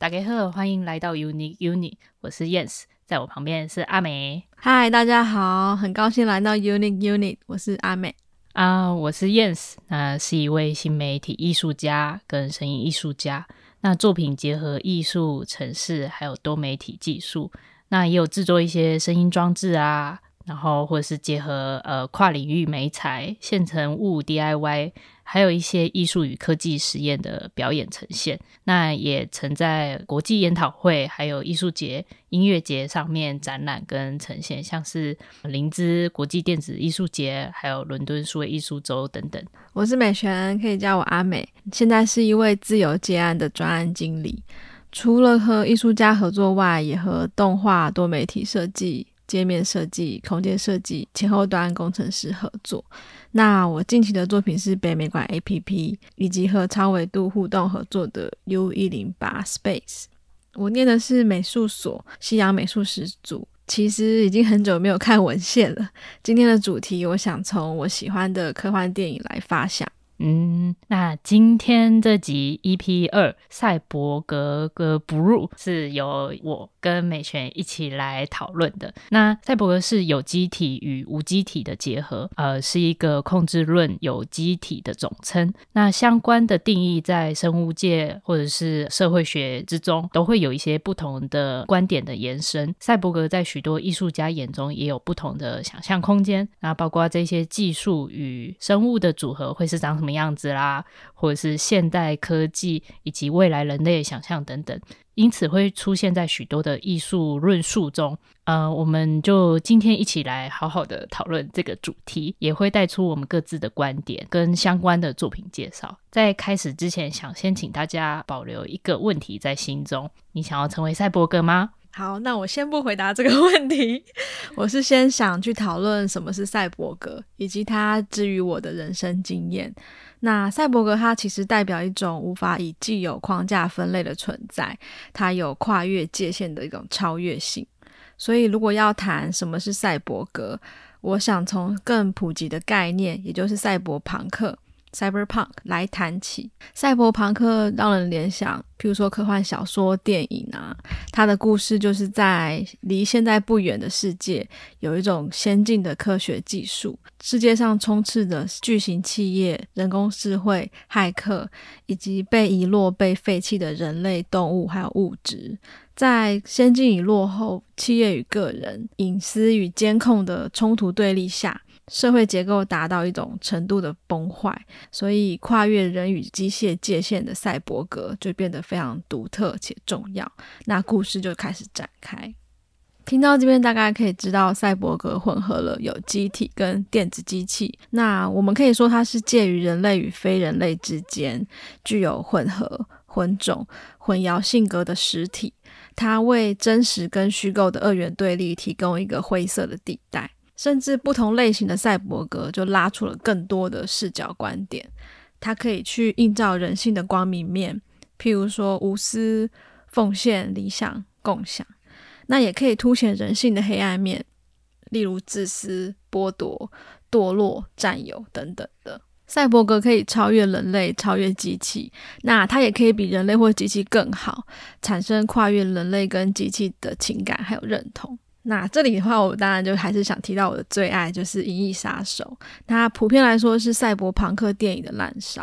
大家好，歡迎來到 Unique Unit，我是 Yens，在我旁邊是阿美。嗨，大家好，很高興來到 Unique Unit，我是阿美。啊、uh，我是 Yens，那是一位新媒體藝術家跟聲音藝術家，那作品結合藝術、城市還有多媒體技術，那也有製作一些聲音裝置啊。然後，或是結合呃跨領域媒材、現成物 DIY，還有一些藝術與科技實驗的表演呈現。那也曾在國際研討會、還有藝術節、音樂節上面展覽跟呈現，像是林茲國際電子藝術節、還有倫敦數位藝術週等等。我是美璇，可以叫我阿美。現在是一位自由接案的專案經理，除了和藝術家合作外，也和動畫、多媒體設計。界面設計、空間設計、前後端工程師合作。那我近期的作品是北美館 APP，以及和超維度互動合作的 U 一零八 Space。我念的是美術所西洋美術史組，其實已經很久沒有看文獻了。今天的主題，我想從我喜歡的科幻電影來發想。嗯，那今天這集 EP 二《賽博格格不入》是由我跟美璇一起來討論的。那賽博格是有機體與無機體的結合，呃，是一個控制論有機體的總稱。那相關的定義在生物界或者是社會學之中都會有一些不同的觀點的延伸。賽博格在許多藝術家眼中也有不同的想象空間。那包括這些技術與生物的組合會是長什麼麼樣子啦，或者是現代科技以及未來人類想象等等，因此會出現在許多的藝術論述中。呃，我們就今天一起來好好的討論這個主題，也會帶出我們各自的觀點跟相關的作品介紹。在開始之前，想先請大家保留一個問題在心中：你想要成為賽博格嗎？好，那我先不回答這個問題， 我是先想去討論什麼是賽博格以及它之於我的人生經驗。那賽博格它其實代表一種無法以既有框架分類的存在，它有跨越界限的一種超越性。所以，如果要談什麼是賽博格，我想從更普及的概念，也就是賽博朋克。Cyberpunk 來談起，賽博朋克讓人聯想，譬如說科幻小說、電影啊，它的故事就是在離現在不遠的世界，有一種先進的科學技術，世界上充斥着巨型企業、人工智慧、駭客，以及被遺落、被廢棄的人類、動物，還有物質，在先進與落後、企業與個人、隱私與監控的衝突對立下。社會結構達到一種程度的崩壞，所以跨越人與機械界限的賽博格就變得非常獨特且重要。那故事就開始展開。聽到這邊，大概可以知道賽博格混合了有機體跟電子機器。那我們可以說，它是介於人類與非人類之間，具有混合混種混淆性格的實體。它為真實跟虛構的二元對立提供一個灰色的地帶。甚至不同類型的賽博格就拉出了更多的視角觀點，它可以去映照人性的光明面，譬如說無私、奉獻、理想、共享；那也可以凸顯人性的黑暗面，例如自私、剝奪、墮落、占有等等的。賽博格可以超越人類、超越機器，那它也可以比人類或機器更好，產生跨越人類跟機器的情感還有認同。那這裡的話，我當然就還是想提到我的最愛，就是《銀翼殺手》。它普遍來說是賽博朋克電影的濫觴，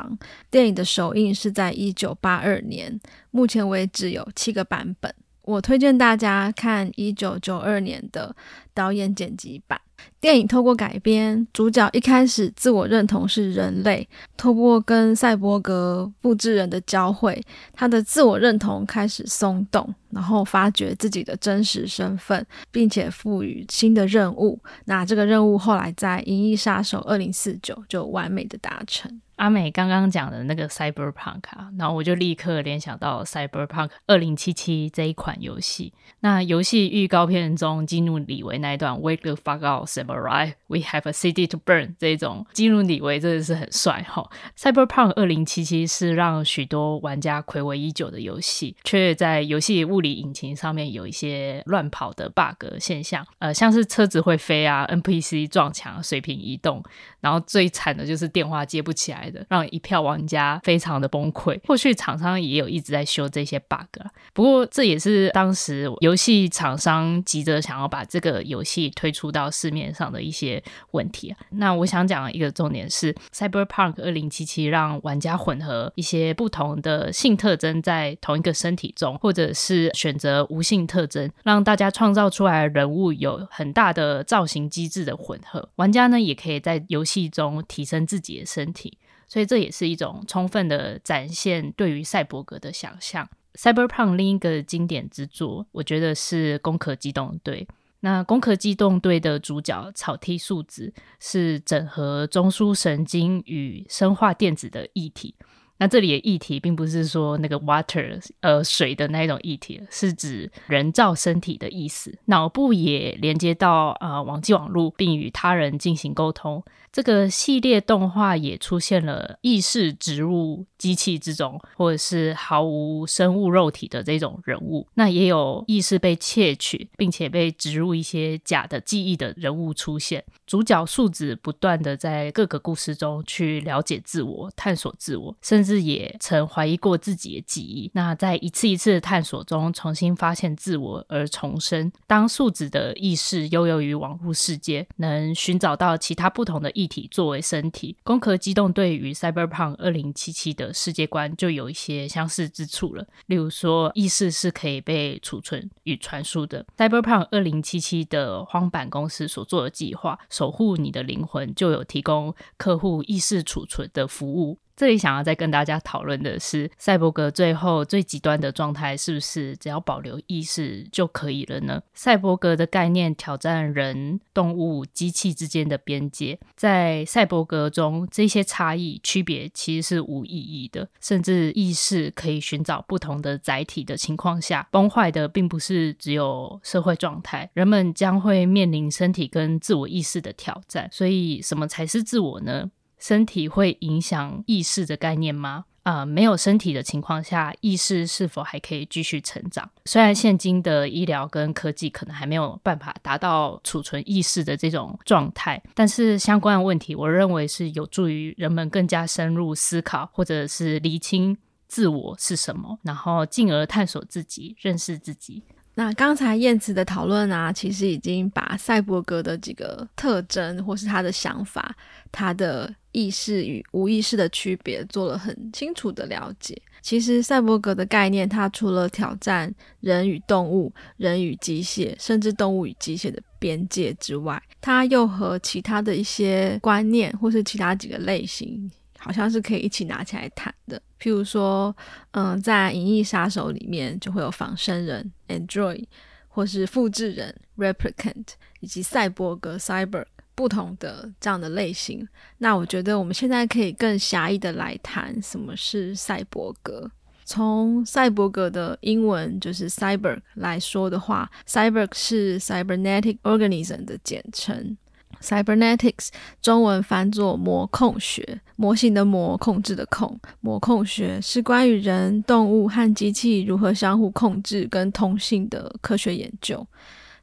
電影的首映是在一九八二年，目前為止有七個版本。我推薦大家看一九九二年的導演剪輯版。電影透過改編，主角一開始自我認同是人類，透過跟賽博格複製人的交匯，他的自我認同開始鬆動，然後發掘自己的真實身份，並且賦予新的任務。那這個任務後來在《銀翼殺手2049》就完美的達成。阿美剛剛講的那個 Cyberpunk 啊，然後我就立刻聯想到 Cyberpunk 二零七七這一款遊戲。那遊戲預告片中，基努李維那一段 "Wake the fuck up, Samurai. We have a city to burn" 這一種基努李維真的是很帥吼。Cyberpunk 二零七七是讓許多玩家睽違已久的遊戲，卻在遊戲物理引擎上面有一些亂跑的 bug 現象，呃，像是車子會飛啊，NPC 撞牆、水平移動。然後最慘的就是電話接不起來的，讓一票玩家非常的崩潰。或許廠商也有一直在修這些 bug 啊，不過這也是當時遊戲廠商急着想要把這個遊戲推出到市面上的一些問題啊。那我想講一個重點是，《Cyberpunk 2077》讓玩家混合一些不同的性特徵在同一個身體中，或者是選擇無性特徵，讓大家創造出來的人物有很大的造型機制的混合。玩家呢，也可以在遊戲。中提升自己的身體，所以這也是一種充分的展現對於賽柏格的想象。Cyberpunk 另一個經典之作，我覺得是《攻殼機動隊》。那《攻殼機動隊》的主角草薙素子是整合中樞神經與生化電子的義體。那這裡的義體，並不是說那個 water 呃水的那一種液體，是指人造身體的意思。腦部也連接到呃網際網路，並與他人進行溝通。這個系列動畫也出現了意識植入機器之中，或者是毫無生物肉體的這種人物。那也有意識被竊取，並且被植入一些假的記憶的人物出現。主角素子不斷的在各個故事中去了解自我、探索自我，甚至也曾懷疑過自己的記憶。那在一次一次的探索中，重新發現自我而重生。當素子的意識悠游於網絡世界，能尋找到其他不同的意識。體作為身體，攻殼機動隊與 Cyberpunk 二零七七的世界觀就有一些相似之處了。例如說，意識是可以被儲存與傳輸的。Cyberpunk 二零七七的荒坂公司所做的計劃“守護你的靈魂”就有提供客戶意識儲存的服務。這裡想要再跟大家討論的是，賽博格最後最極端的狀態是不是只要保留意識就可以了呢？賽博格的概念挑戰人、動物、機器之間的邊界，在賽博格中，這些差異區別其實是無意義的，甚至意識可以尋找不同的載體的情況下，崩壞的並不是只有社會狀態，人們將會面臨身體跟自我意識的挑戰。所以，什麼才是自我呢？身體會影響意識的概念嗎？啊、呃，沒有身體的情況下，意識是否還可以繼續成長？雖然現今的醫療跟科技可能還沒有辦法達到儲存意識的這種狀態，但是相關的問題，我認為是有助於人們更加深入思考，或者是釐清自我是什麼，然後進而探索自己，認識自己。那剛才 Yens 的討論啊，其實已經把賽博格的幾個特徵，或是他的想法、他的意識與無意識的區別，做了很清楚的了解。其實賽博格的概念，它除了挑戰人與動物、人與機械，甚至動物與機械的邊界之外，它又和其他的一些觀念，或是其他幾個類型，好像是可以一起拿起來談的。譬如說，嗯，在《銀翼殺手》裡面就會有仿生人 （android） 或是複製人 （replicant） 以及賽博格 （cyborg） 不同的這樣的類型。那我覺得我們現在可以更狹義的來談什麼是賽博格。從賽博格的英文就是 “cyborg” 來說的話，“cyborg” 是 “cybernetic organism” 的簡稱，“cybernetics” 中文翻作“模控學”。模型的模，控制的控。模控學是關於人、動物和機器如何相互控制跟通信的科學研究。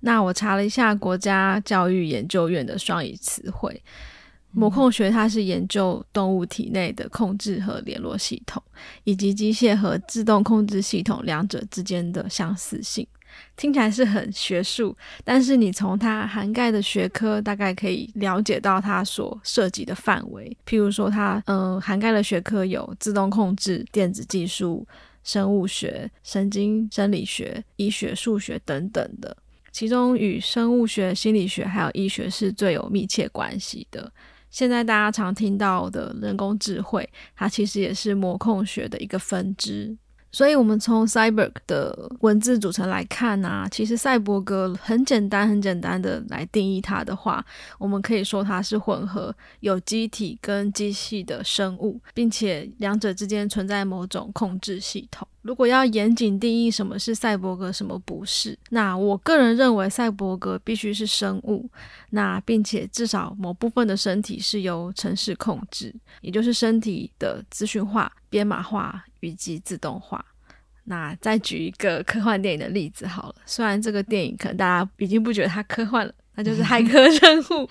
那我查了一下國家教育研究院的雙語詞彙。嗯，模控學它是研究動物體內的控制和聯絡系統，以及機械和自動控制系統兩者之間的相似性。聽起來是很學術，但是你從它涵蓋的學科大概可以了解到它所涉及的範圍。譬如說，它嗯涵蓋的學科有自動控制、電子技術、生物學、神經生理學、醫學、數學等等的。其中與生物學、心理學還有醫學是最有密切關係的。現在大家常聽到的人工智慧，它其實也是模控學的一個分支。所以，我們從賽博格的文字組成來看呢、啊，其實賽博格很簡單、很簡單的來定義它的話，我們可以說它是混合有機體跟機器的生物，並且兩者之間存在某種控制系統。如果要嚴謹定義什麼是賽博格、什麼不是，那我個人認為賽博格必須是生物，那並且至少某部分的身體是由程式控制，也就是身體的資訊化、編碼化。筆記自動化。那再舉一個科幻電影的例子好了，雖然這個電影可能大家已經不覺得它科幻了，那就是《駭客任務》。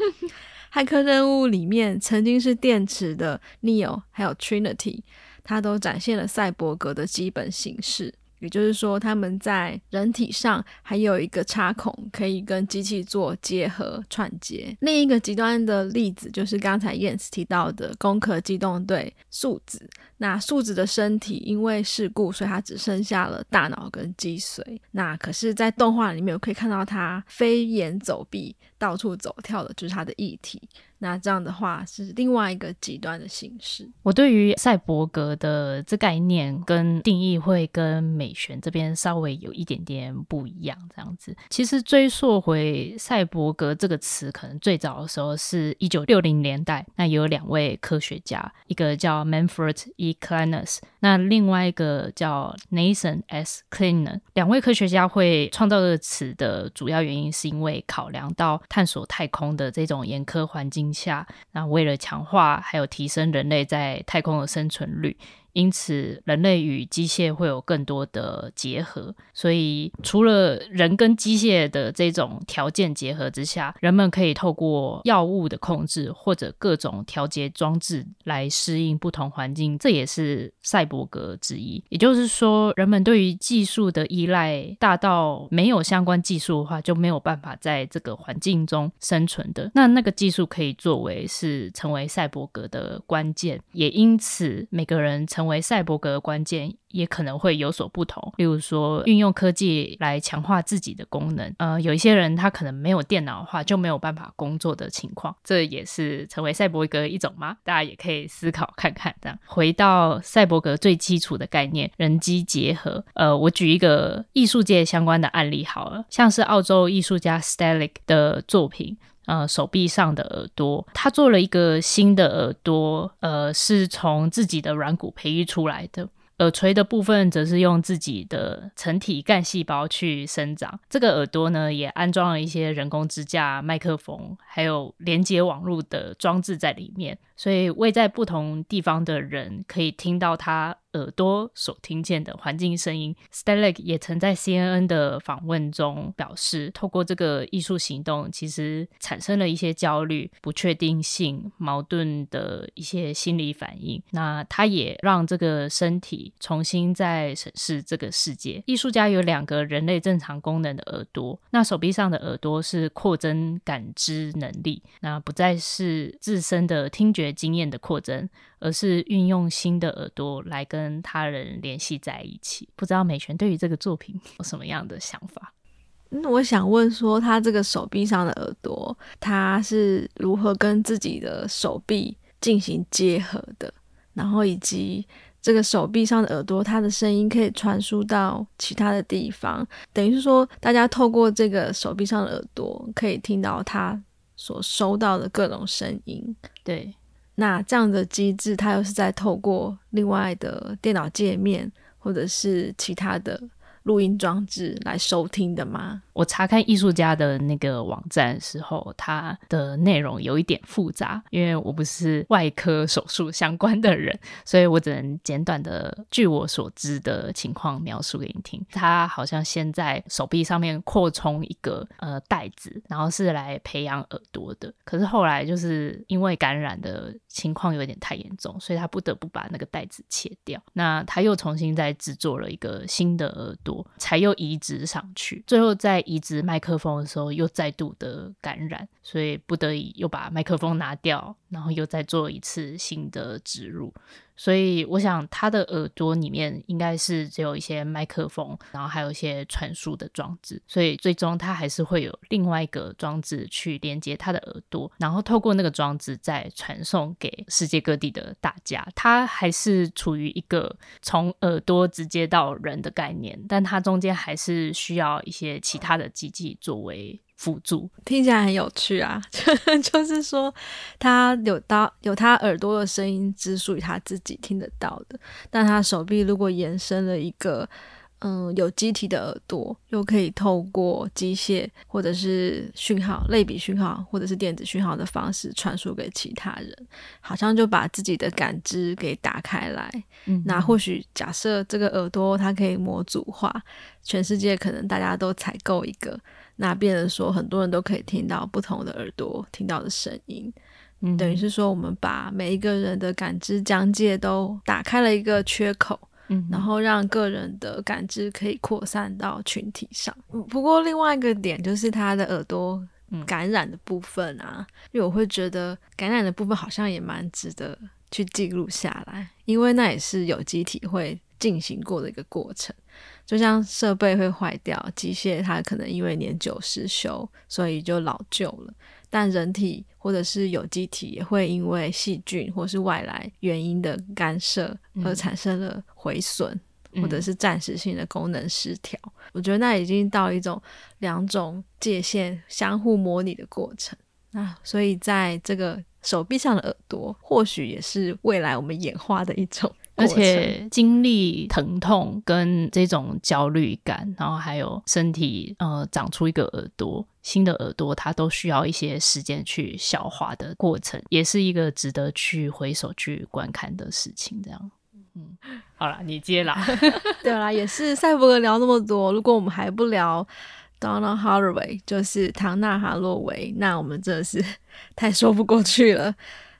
《駭客任務》裡面曾經是電池的 Neo 還有 Trinity，它都展現了賽博格的基本形式。也就是說，他們在人體上還有一個插孔，可以跟機器做結合串接。另一個極端的例子就是剛才 Yens 提到的攻殼機動隊素子，那素子的身體因為事故，所以它只剩下了大腦跟脊髓。那可是，在動畫裡面，我可以看到它飛檐走壁、到處走跳的，就是它的義體。那這樣的話是另外一個極端的形式。我對於賽博格的這概念跟定義，會跟美璇這邊稍微有一點點不一樣。這樣子，其實追溯回賽博格這個詞，可能最早的時候是一九六零年代。那有兩位科學家，一個叫 Manfred E. Clynes 那另外一個叫 Nathan S. Kline 兩位科學家會創造這個詞的主要原因，是因為考量到探索太空的這種嚴苛環境下，那為了強化還有提升人類在太空的生存率。因此，人類與機械會有更多的結合。所以，除了人跟機械的這種條件結合之下，人們可以透過藥物的控制或者各種調節裝置來適應不同環境，這也是賽博格之一。也就是說，人們對於技術的依賴大到沒有相關技術的話，就沒有辦法在這個環境中生存的。那那個技術可以作為是成為賽博格的關鍵，也因此每個人成。成為賽博格的關鍵也可能會有所不同，例如說運用科技來強化自己的功能。呃，有一些人他可能沒有電腦的話就沒有辦法工作的情況，這也是成為賽博格一種嗎？大家也可以思考看看，這樣。回到賽博格最基礎的概念，人機結合。呃，我舉一個藝術界相關的案例好了，像是澳洲藝術家 Stelarc 的作品。呃，手臂上的耳朵，他做了一個新的耳朵，呃，是從自己的軟骨培育出來的。耳垂的部分則是用自己的成體幹細胞去生長。這個耳朵呢，也安裝了一些人工支架、麥克風，還有連接網絡的裝置在裡面，所以位在不同地方的人可以聽到他耳朵所聽見的環境聲音，Stelarc 也曾在 CNN 的訪問中表示，透過這個藝術行動，其實產生了一些焦慮、不確定性、矛盾的一些心理反應。那它也讓這個身體重新再審視這個世界。藝術家有兩個人類正常功能的耳朵，那手臂上的耳朵是擴增感知能力，那不再是自身的聽覺經驗的擴增。而是運用新的耳朵來跟他人聯繫在一起。不知道美璇對於這個作品有什麼樣的想法？那我想問說，他這個手臂上的耳朵，他是如何跟自己的手臂進行結合的？然後以及這個手臂上的耳朵，它的聲音可以傳輸到其他的地方，等於是說，大家透過這個手臂上的耳朵，可以聽到他所收到的各種聲音。對。那這樣的機制，它又是在透過另外的電腦介面，或者是其他的錄音裝置來收聽的嗎？我查看藝術家的那個網站的時候，他的內容有一點複雜，因為我不是外科手術相關的人，所以我只能簡短的據我所知的情況描述給你聽。他好像先在手臂上面擴充一個呃袋子，然後是來培養耳朵的。可是後來就是因為感染的情況有點太嚴重，所以他不得不把那個袋子切掉。那他又重新再製作了一個新的耳朵，才又移植上去。最後在移植麥克風的時候，又再度的感染，所以不得已又把麥克風拿掉，然後又再做一次新的植入。所以，我想他的耳朵裡面應該是只有一些麥克風，然後還有一些傳輸的裝置。所以，最終他還是會有另外一個裝置去連接他的耳朵，然後透過那個裝置再傳送給世界各地的大家。他還是處於一個從耳朵直接到人的概念，但他中間還是需要一些其他的機器作為。輔助聽起來很有趣啊， 就是說他有刀，有他耳朵的聲音只屬於他自己聽得到的，但他手臂如果延伸了一個嗯有機體的耳朵，又可以透過機械或者是訊號，類比訊號或者是電子訊號的方式傳輸給其他人，好像就把自己的感知給打開來。嗯、那或許假設這個耳朵它可以模組化，全世界可能大家都採購一個。那變得說，很多人都可以聽到不同的耳朵聽到的聲音，嗯、等於是說，我們把每一個人的感知疆界，都打開了一個缺口，嗯，然後讓個人的感知可以擴散到群體上。不過另外一個點就是他的耳朵感染的部分啊，嗯、因為我會覺得感染的部分好像也蠻值得去記錄下來，因為那也是有機體會進行過的一個過程。就像設備會壞掉，機械它可能因為年久失修，所以就老舊了。但人體或者是有機體也會因為細菌或是外來原因的干涉而產生了毀損、嗯，或者是暫時性的功能失調、嗯。我覺得那已經到了一種兩種界限相互模擬的過程。那所以在這個手臂上的耳朵，或許也是未來我們演化的一種。而且經歷疼痛跟這種焦慮感、嗯，然後還有身體呃長出一個耳朵，新的耳朵，它都需要一些時間去消化的過程，也是一個值得去回首去觀看的事情。這樣，嗯，好啦，你接啦， 對啦，也是賽博格聊那麼多，如果我們還不聊 Donald Haraway，就是唐娜·哈洛維，那我們真的是 太說不過去了。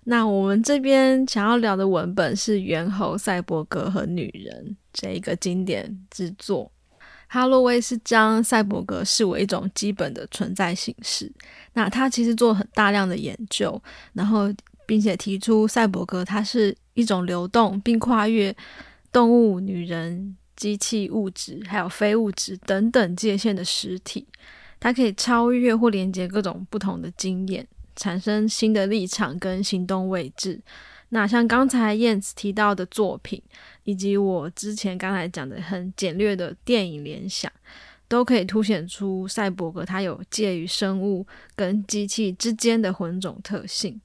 那我們這邊想要聊的文本是《猿猴、賽博格和女人》這一個經典之作。哈洛威是將賽博格視為一種基本的存在形式。那他其實做很大量的研究，然後並且提出賽博格它是一種流動並跨越動物、女人、機器、物質，還有非物質等等界限的實體。它可以超越或連接各種不同的經驗。產生新的立場跟行動位置。那像剛才 Yens 提到的作品，以及我之前剛才講的很簡略的電影聯想，都可以凸顯出賽博格它有介於生物跟機器之間的混種特性。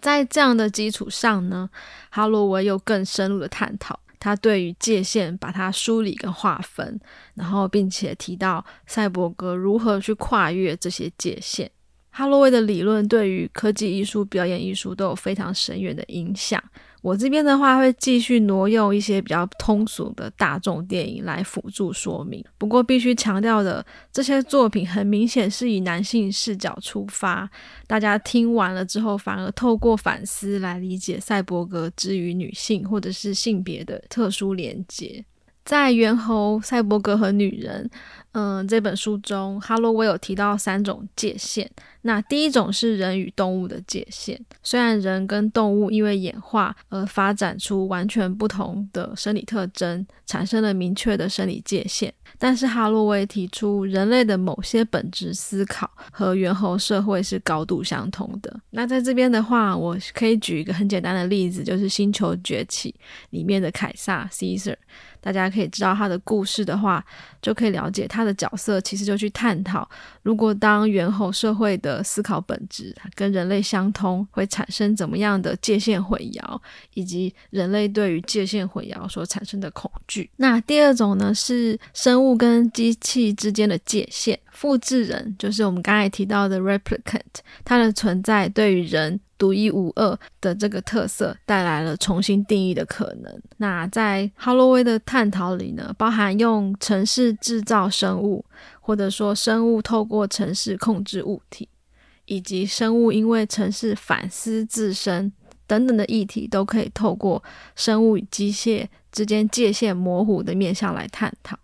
在這樣的基礎上呢，哈羅維又更深入的探討他對於界限，把它梳理跟劃分，然後並且提到賽博格如何去跨越這些界限。哈洛威的理論對於科技藝術、表演藝術都有非常深遠的影響。我這邊的話會繼續挪用一些比較通俗的大眾電影來輔助說明，不過必須強調的，這些作品很明顯是以男性視角出發。大家聽完了之後，反而透過反思來理解賽博格之於女性或者是性別的特殊連接。在元侯《猿猴、賽博格和女人》嗯，這本書中，哈洛威有提到三種界限。那第一種是人與動物的界限。雖然人跟動物因為演化而發展出完全不同的生理特徵，產生了明確的生理界限，但是哈洛威提出，人類的某些本質思考和猿猴社會是高度相同的。那在這邊的話，我可以舉一個很簡單的例子，就是《猩球崛起》裡面的凱撒 （Caesar）。大家可以知道他的故事的話，就可以了解他的角色。其實就去探討，如果當猿猴社會的思考本質跟人類相通，會產生怎麼樣的界限混淆，以及人類對於界限混淆所產生的恐懼。那第二種呢，是生物跟機器之間的界限。複製人就是我們剛才提到的 replicant，它的存在對於人。獨一無二的這個特色帶來了重新定義的可能。那在哈羅威的探討裡呢，包含用城市製造生物，或者說生物透過城市控制物體，以及生物因為城市反思自身等等的議題，都可以透過生物與機械之間界限模糊的面向來探討。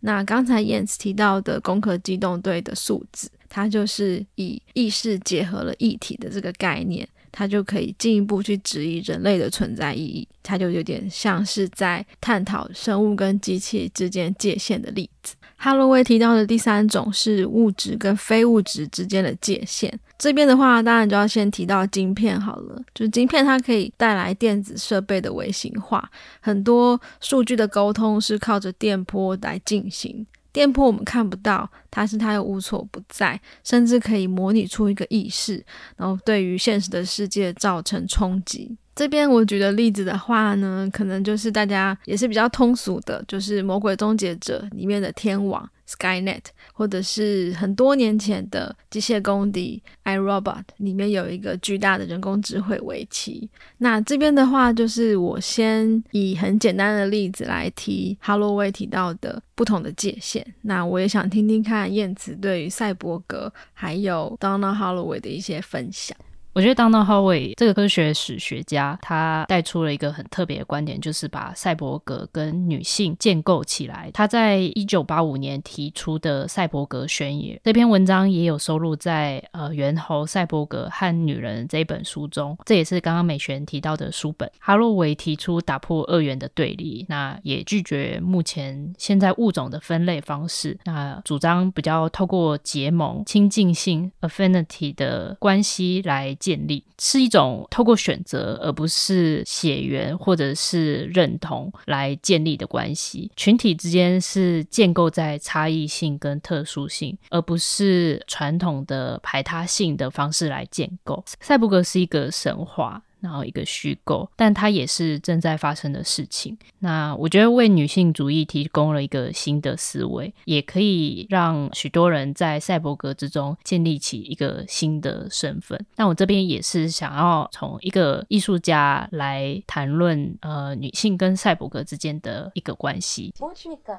那剛才 Yens 提到的《攻殼機動隊》的素子，它就是以意識結合了義體的這個概念。它就可以進一步去質疑人類的存在意義，它就有點像是在探討生物跟機器之間界限的例子。哈羅威提到的第三種是物質跟非物質之間的界限。這邊的話，當然就要先提到晶片好了，就是晶片它可以帶來電子設備的微型化，很多數據的溝通是靠着電波來進行。電波我們看不到，但是它又無所不在，甚至可以模擬出一個意識，然後對於現實的世界造成衝擊。這邊我舉的例子的話呢，可能就是大家也是比較通俗的，就是《魔鬼終結者》裡面的天網。Skynet，或者是很多年前的機械公敵 I Robot，裡面有一個巨大的人工智慧圍棋。那這邊的話，就是我先以很簡單的例子來提 Haraway 提到的不同的界限。那我也想聽聽看 Yens 對於賽博格還有 Donna Haraway 的一些分享。我覺得，Donna Haraway 這個科學史學家，他帶出了一個很特別的觀點，就是把賽博格跟女性建構起來。他在一九八五年提出的賽博格宣言這篇文章，也有收錄在《呃，猿猴、賽博格和女人》這一本書中。這也是剛剛美璇提到的書本。哈洛維提出打破二元的對立，那也拒絕目前現在物種的分類方式，那主張比較透過結盟親近性 （affinity） 的關係來。建立，是一種透過選擇，而不是血緣或者是認同來建立的關係。群體之間是建構在差異性跟特殊性，而不是傳統的排他性的方式來建構。賽博格是一個神話，然後一個虛構，但它也是正在發生的事情。那我覺得為女性主義提供了一個新的思維，也可以讓許多人在賽博格之中建立起一個新的身份。那我這邊也是想要從一個藝術家來談論呃女性跟賽博格之間的一個關係。Sputniko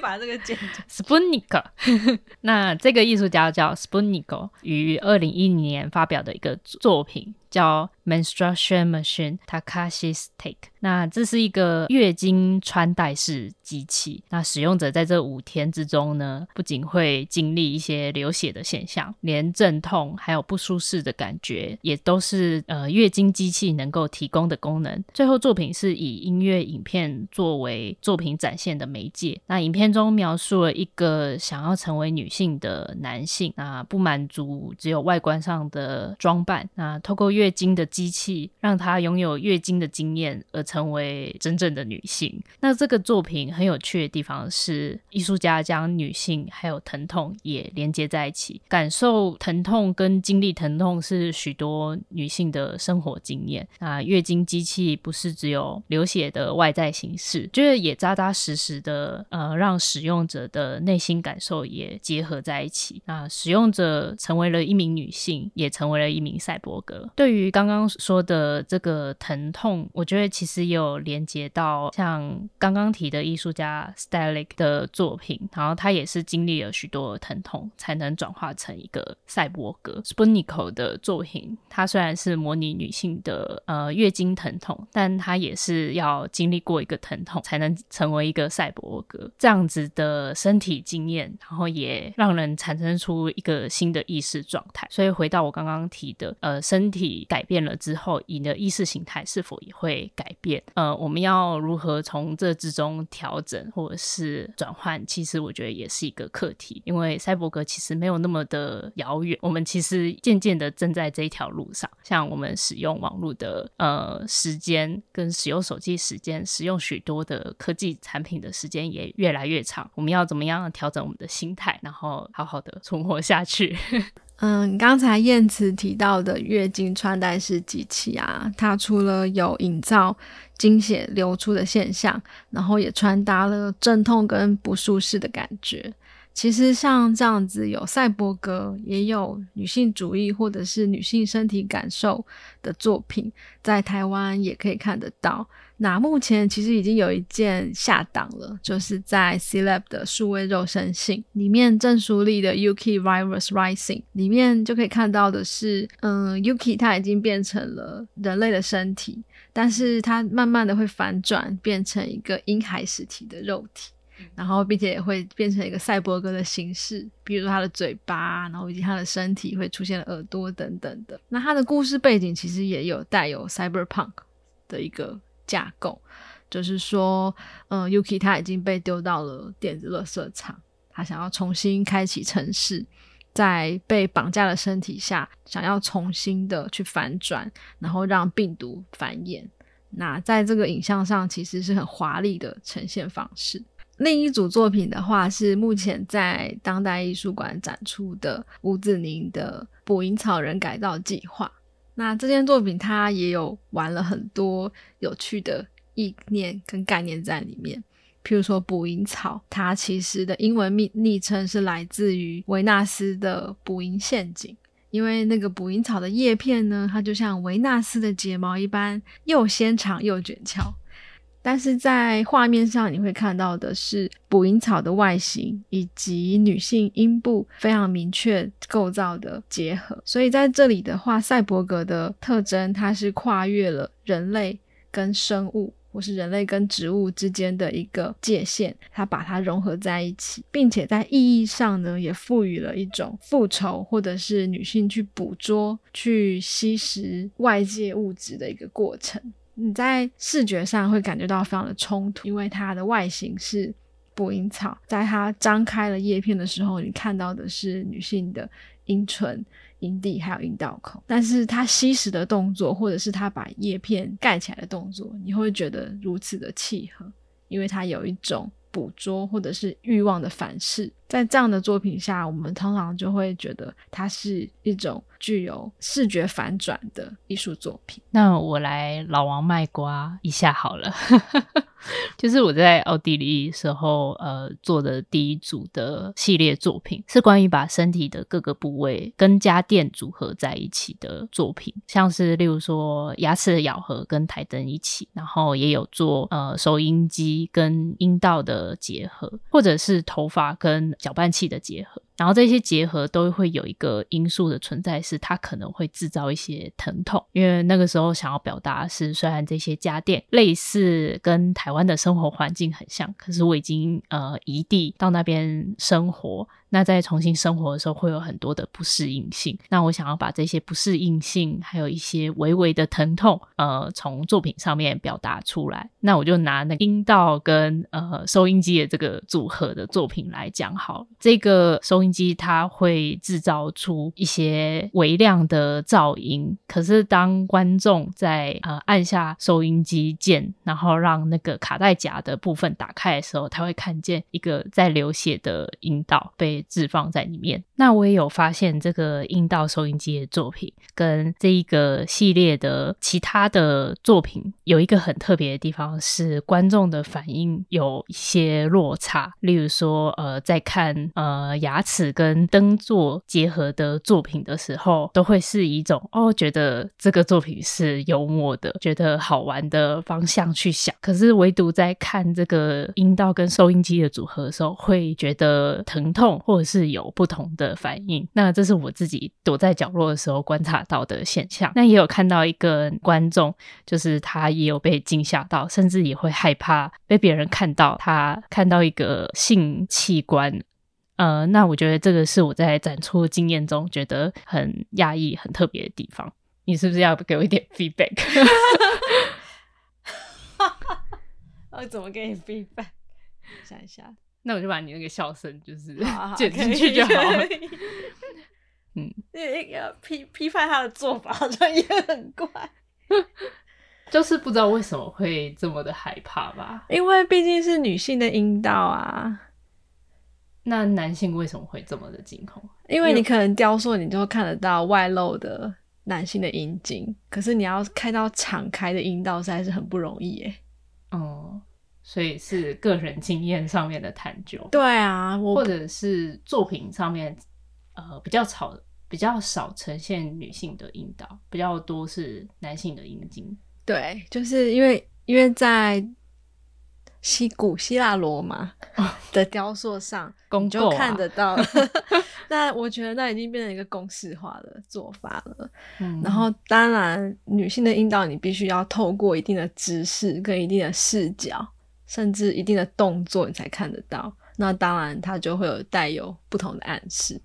把這個剪掉 Sputniko 那這個藝術家叫 Sputniko 於二零一零年發表的一個作品叫。Menstruation Machine Takashi's Take，那這是一個月經穿戴式機器。那使用者在這五天之中呢，不僅會經歷一些流血的現象，連陣痛還有不舒適的感覺，也都是呃月經機器能夠提供的功能。最後作品是以音樂影片作為作品展現的媒介。那影片中描述了一個想要成為女性的男性，那不滿足只有外觀上的裝扮，那透過月經的機器讓她擁有月經的經驗，而成為真正的女性。那這個作品很有趣的地方是，藝術家將女性還有疼痛也連接在一起。感受疼痛跟經歷疼痛是許多女性的生活經驗。啊、呃，月經機器不是只有流血的外在形式，就是也扎扎實實的呃，讓使用者的內心感受也結合在一起。啊、呃，使用者成為了一名女性，也成為了一名賽博格。對於剛剛。剛剛說的這個疼痛，我覺得其實也有連接到像剛剛提的藝術家 Stelarc 的作品，然後他也是經歷了許多疼痛，才能轉化成一個賽博格。Sputniko 的作品，他雖然是模擬女性的呃月經疼痛，但他也是要經歷過一個疼痛，才能成為一個賽博格這樣子的身體經驗，然後也讓人產生出一個新的意識狀態。所以回到我剛剛提的呃，身體改變了。之後，你的意識形態是否也會改變？呃，我們要如何從這之中調整或者是轉換？其實我覺得也是一個課題，因為賽博格其實沒有那麼的遙遠，我們其實漸漸的正在這一條路上。像我們使用網絡的呃時間，跟使用手機時間，使用許多的科技產品的時間也越來越長。我們要怎麼樣調整我們的心態，然後好好的存活下去。 嗯，剛才燕慈提到的月經穿戴式機器啊，它除了有營造經血流出的現象，然後也傳達了陣痛跟不舒適的感覺。其實像這樣子有賽博格，也有女性主義或者是女性身體感受的作品，在台灣也可以看得到。那目前其實已經有一件下檔了，就是在 C-LAB 的數位肉身性，裡面，鄭淑麗的 Yuki Virus Rising 裡面就可以看到的是，嗯，Yuki 它已經變成了人類的身體，但是它慢慢的會反轉變成一個嬰孩實體的肉體，然後並且也會變成一個賽博格的形式，比如說它的嘴巴，然後以及它的身體會出現耳朵等等的。那它的故事背景其實也有帶有 Cyberpunk 的一個。架構，就是說，嗯，Yuki 他已經被丟到了電子垃圾場，他想要重新開啟城市，在被綁架的身體下，想要重新的去反轉，然後讓病毒繁衍。那在這個影像上，其實是很華麗的呈現方式。另一組作品的話，是目前在當代藝術館展出的吳志寧的《捕蠅草人改造計劃》。那這件作品，它也有玩了很多有趣的意念跟概念在裡面。譬如說，捕蠅草，它其實的英文名昵稱是來自於維納斯的捕蠅陷阱，因為那個捕蠅草的葉片呢，它就像維納斯的睫毛一般，又纖長又捲翹。但是在畫面上，你會看到的是捕蠅草的外形以及女性陰部非常明確構造的結合。所以在這裡的話，賽博格的特徵，它是跨越了人類跟生物，或是人類跟植物之間的一個界限，它把它融合在一起，並且在意義上呢，也賦予了一種復仇，或者是女性去捕捉、去吸食外界物質的一個過程。你在視覺上會感覺到非常的衝突，因為它的外形是捕蠅草，在它張開了葉片的時候，你看到的是女性的陰唇、陰蒂還有陰道口，但是它吸食的動作，或者是它把葉片蓋起來的動作，你會覺得如此的契合，因為它有一種捕捉或者是欲望的反噬。在這樣的作品下，我們通常就會覺得它是一種。具有視覺反轉的藝術作品。那我來老王賣瓜一下好了。 就是我在奧地利時候呃做的第一組的系列作品，是關於把身體的各個部位跟家電組合在一起的作品，像是例如說牙齒的咬合跟台燈一起，然後也有做呃收音機跟陰道的結合，或者是頭髮跟攪拌器的結合。然後這些結合都會有一個因素的存在，是它可能會製造一些疼痛。因為那個時候想要表達是，雖然這些家電類似跟台灣的生活環境很像，可是我已經呃移地到那邊生活。那在重新生活的時候，會有很多的不適應性。那我想要把這些不適應性，還有一些微微的疼痛，呃，從作品上面表達出來。那我就拿那個陰道跟呃收音機的這個組合的作品來講好了。這個收音機它會製造出一些微量的噪音。可是當觀眾在呃按下收音機鍵，然後讓那個卡帶夾的部分打開的時候，他會看見一個在流血的陰道被置放在裡面。那我也有發現，這個陰道收音機的作品跟這一個系列的其他的作品有一個很特別的地方，是觀眾的反應有一些落差。例如說，呃，在看呃牙齒跟燈座結合的作品的時候，都會是一種哦，覺得這個作品是幽默的，覺得好玩的方向去想。可是唯獨在看這個陰道跟收音機的組合的時候，會覺得疼痛，或者是有不同的。的反應，那這是我自己躲在角落的時候觀察到的現象。那也有看到一個觀眾，就是他也有被驚嚇到，甚至也會害怕被別人看到他看到一個性器官。嗯、呃，那我覺得這個是我在展出經驗中覺得很壓抑、很特別的地方。你是不是要給我一點 feedback？ 我怎麼給你 feedback？我想一下。那我就把你那個笑聲就是剪進去就好了。好好 嗯，因為要批批判他的做法，好像也很怪。就是不知道為什麼會這麼的害怕吧？因為畢竟是女性的陰道啊。那男性為什麼會這麼的驚恐？因為你可能雕塑，你就看得到外露的男性的陰莖，可是你要開到敞開的陰道，實在是很不容易誒哦。嗯所以是個人經驗上面的探究，對啊我，或者是作品上面，呃，比較少比較少呈現女性的陰道，比較多是男性的陰莖。對，就是因為因為在西古希臘羅馬的雕塑上， 公道啊、 就看得到。 那我覺得那已經變成一個公式化的做法了，嗯。然後當然女性的陰道你必須要透過一定的知識跟一定的視角。甚至一定的動作，你才看得到。那當然，它就會有帶有不同的暗示。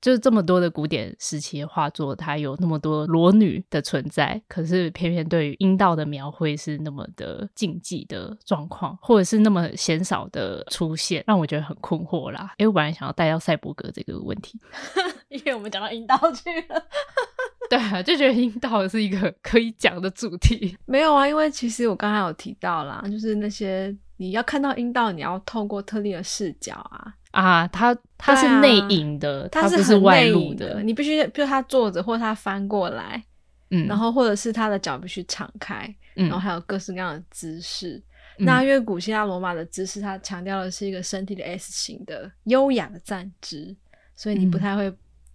就是這麼多的古典時期的畫作，它有那麼多裸女的存在，可是偏偏對於陰道的描繪是那麼的禁忌的狀況，或者是那麼鮮少的出現，讓我覺得很困惑啦。因、欸、為我本來想要帶到賽博格這個問題， 因為我們講到陰道去了。 對啊，就覺得陰道是一個可以講的主題。沒有啊，因為其實我剛才有提到啦，就是那些。你要看到陰道，你要透過特定的視角啊！啊，它他是內隱的、啊、的，它不是外露的。你必須，譬如，他坐着，或他翻過來，嗯，然後或者是他的腳必須敞開，嗯，然後還有各式各樣的姿勢，嗯。那因為古希臘羅馬的姿勢，它強調的是一個身體的 S 型的、嗯、優雅的站姿，所以你不太會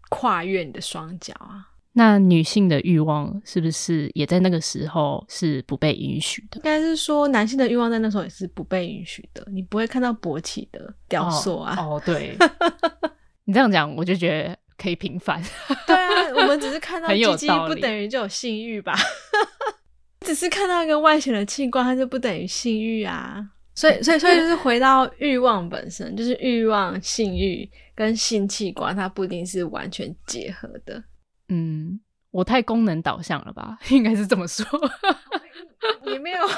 跨越你的雙腳啊。那女性的慾望是不是也在那個時候是不被允許的？應該是說，男性的慾望在那時候也是不被允許的。你不會看到勃起的雕塑啊？哦，哦對， 你這樣講，我就覺得可以平反。 對啊，我們只是看到，雞雞不等於就有性慾吧？ 只是看到一個外顯的器官，它就不等於性慾啊。所以，所以，所以就是回到慾望本身， 就是慾望、性慾跟性器官，它不一定是完全結合的。嗯，我太功能導向了吧？應該是這麼說。也 沒有、啊，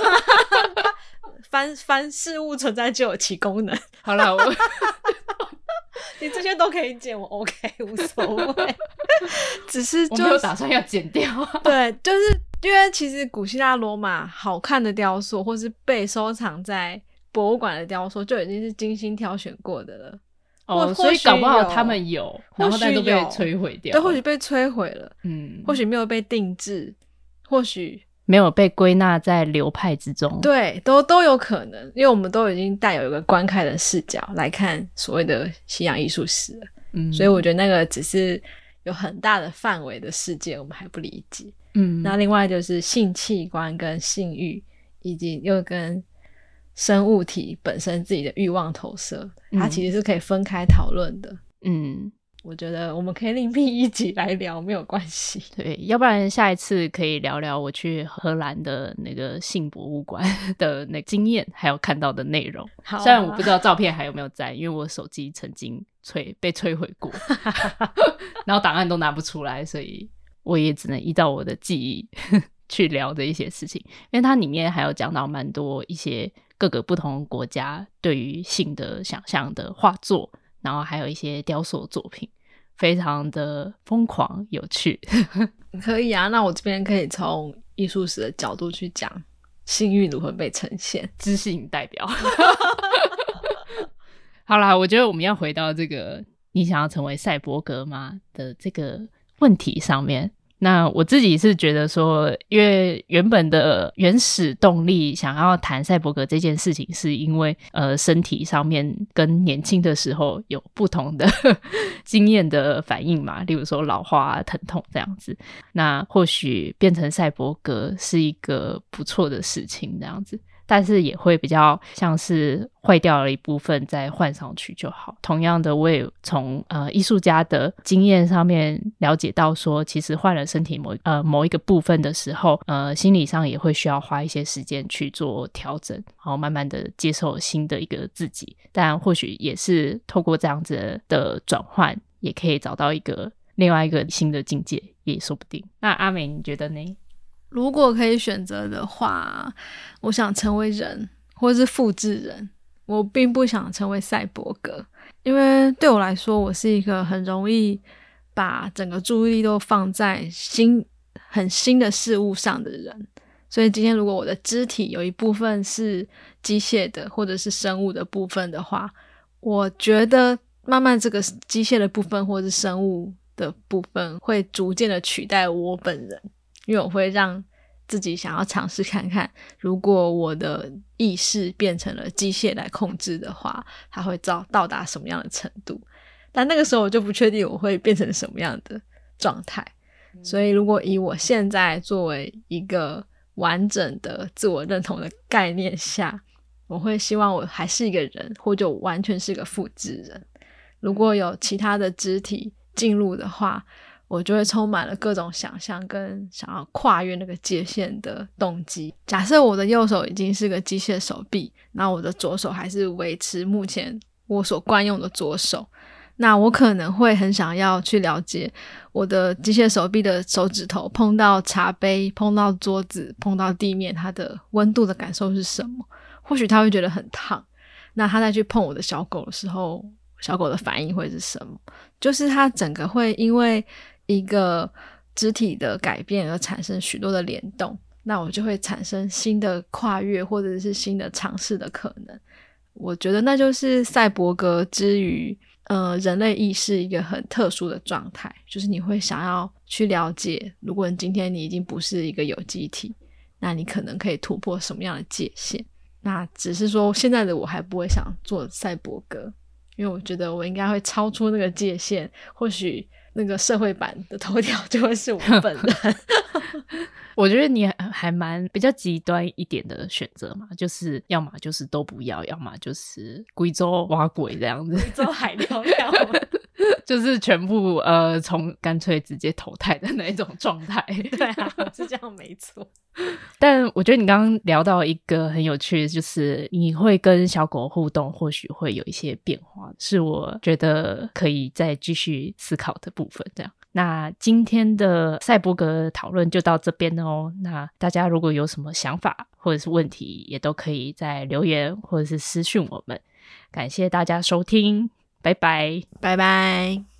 凡凡，凡事物存在就有其功能。好了，我 你這些都可以剪，我 OK，無所謂。只是、就是、我沒有打算要剪掉、啊。對，就是因為其實古希臘羅馬好看的雕塑，或是被收藏在博物館的雕塑，就已經是精心挑選過的了。哦、所以，搞不好他們有，或許有，然後但都被摧毀掉，都或許被摧毀了。嗯，或許沒有被定制，或許沒有被歸納在流派之中。對，都都有可能，因為我們都已經帶有一個觀看的視角來看所謂的西洋藝術史了。嗯，所以我覺得那個只是有很大的範圍的世界，我們還不理解。嗯，那另外就是性器官跟性欲，以及又跟。生物體本身自己的慾望投射，嗯，它其實是可以分開討論的。嗯，我覺得我們可以另闢一,一集來聊，沒有關係。對，要不然下一次可以聊聊我去荷蘭的那個性博物館的那經驗，還有看到的內容。好啊。雖然我不知道照片還有沒有在，因為我手機曾經摧被摧毀過， 然後檔案都拿不出來，所以我也只能依照我的記憶 去聊這一些事情。因為它裡面還有講到蠻多一些。各個不同國家對於性的想象的畫作，然後還有一些雕塑作品，非常的瘋狂有趣。可以啊，那我這邊可以從藝術史的角度去講，性慾如何被呈現，知性代表。 好了，我覺得我們要回到這個你想要成為賽博格嗎的這個問題上面。那我自己是覺得說，因為原本的原始動力想要談賽柏格這件事情，是因為呃身體上面跟年輕的時候有不同的 經驗的反應嘛，例如說老化、疼痛這樣子。那或許變成賽柏格是一個不錯的事情，這樣子。但是也會比較像是壞掉了一部分再換上去就好。同樣的，我也從呃藝術家的經驗上面了解到說，說其實換了身體某呃某一個部分的時候，呃心理上也會需要花一些時間去做調整，然後慢慢的接受新的一個自己。但或許也是透過這樣子的轉換，也可以找到一個另外一個新的境界也說不定。那阿美，你覺得呢？如果可以選擇的話，我想成為人，或是複製人。我並不想成為賽博格，因為對我來說，我是一個很容易把整個注意力都放在新、很新的事物上的人。所以今天，如果我的肢體有一部分是機械的或者，是生物的部分的話，我覺得慢慢這個機械的部分或是生物的部分會逐漸的取代我本人。因為我會讓自己想要嘗試看看，如果我的意識變成了機械來控制的話，它會到到達什麼樣的程度？但那個時候我就不確定我會變成什麼樣的狀態。所以，如果以我現在作為一個完整的自我認同的概念下，我會希望我還是一個人，或者完全是個複製人。如果有其他的肢體進入的話。我就會充滿了各種想象跟想要跨越那個界限的動機。假設我的右手已經是個機械手臂，那我的左手還是維持目前我所慣用的左手。那我可能會很想要去了解我的機械手臂的手指頭碰到茶杯、碰到桌子、碰到地面，它的溫度的感受是什麼？或許它會覺得很燙。那它再去碰我的小狗的時候，小狗的反應會是什麼？就是它整個會因為。一個肢體的改變而產生許多的聯動，那我就會產生新的跨越或者是新的嘗試的可能。我覺得那就是賽博格之於，呃，人類意識一個很特殊的狀態，就是你會想要去了解，如果你今天你已經不是一個有機體，那你可能可以突破什麼樣的界限？那只是說現在的我還不會想做賽博格，因為我覺得我應該會超出那個界限，或許。那個社會版的頭條就會是我本人。我覺得你還還蠻比較極端一點的選擇嘛，就是要麼就是都不要，要麼就是貴州挖鬼這樣子，貴 州海尿尿。 就是全部呃，從乾脆直接淘汰的那種狀態，對啊， 是這樣沒錯。 但我覺得你剛剛聊到一個很有趣的，就是你會跟小狗互動，或許會有一些變化，是我覺得可以再繼續思考的部分。這樣，那今天的賽博格討論就到這邊哦。那大家如果有什麼想法或者是問題，也都可以再留言或者是私訊我們。感謝大家收聽。拜拜，拜拜。